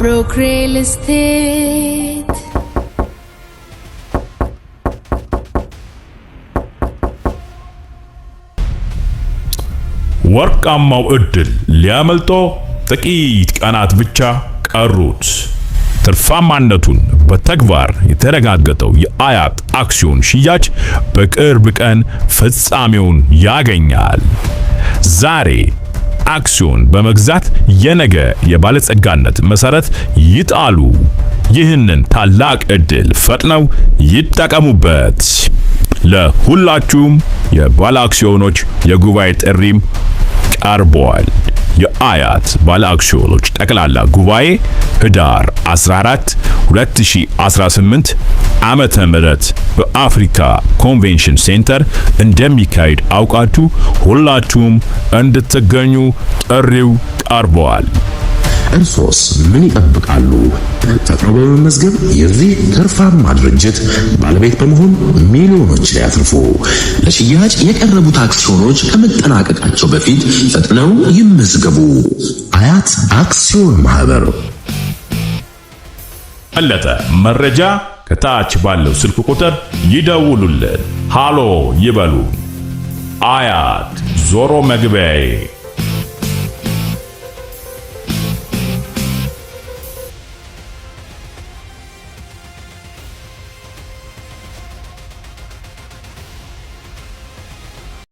प्रोक्रेल स्थित ወርቃማው እድል ሊያመልጦ ጥቂት ቀናት ብቻ ቀሩት። ትርፋማነቱን በተግባር የተረጋገጠው የአያት አክሲዮን ሽያጭ በቅርብ ቀን ፍጻሜውን ያገኛል። ዛሬ አክሲዮን በመግዛት የነገ የባለጸጋነት መሰረት ይጣሉ። ይህንን ታላቅ እድል ፈጥነው ይጠቀሙበት። ለሁላችሁም የባለ አክሲዮኖች የጉባኤ ጥሪም ቀርቧል። የአያት ባለ አክሲዮኖች ጠቅላላ ጉባኤ ህዳር 14 2018 ዓመተ ምህረት በአፍሪካ ኮንቬንሽን ሴንተር እንደሚካሄድ አውቃችሁ ሁላችሁም እንድትገኙ ጥሪው ቀርበዋል። እርሶስ ምን ይጠብቃሉ? ተጠቅመው በመመዝገብ የዚህ ትርፋማ ድርጅት ባለቤት በመሆን ሚሊዮኖች ላይ ያትርፉ። ለሽያጭ የቀረቡት አክሲዮኖች ከመጠናቀቃቸው በፊት ፈጥነው ይመዝገቡ። አያት አክሲዮን ማህበር ቀለጠ። መረጃ ከታች ባለው ስልክ ቁጥር ይደውሉልን፣ ሃሎ ይበሉ። አያት ዞሮ መግቢያዬ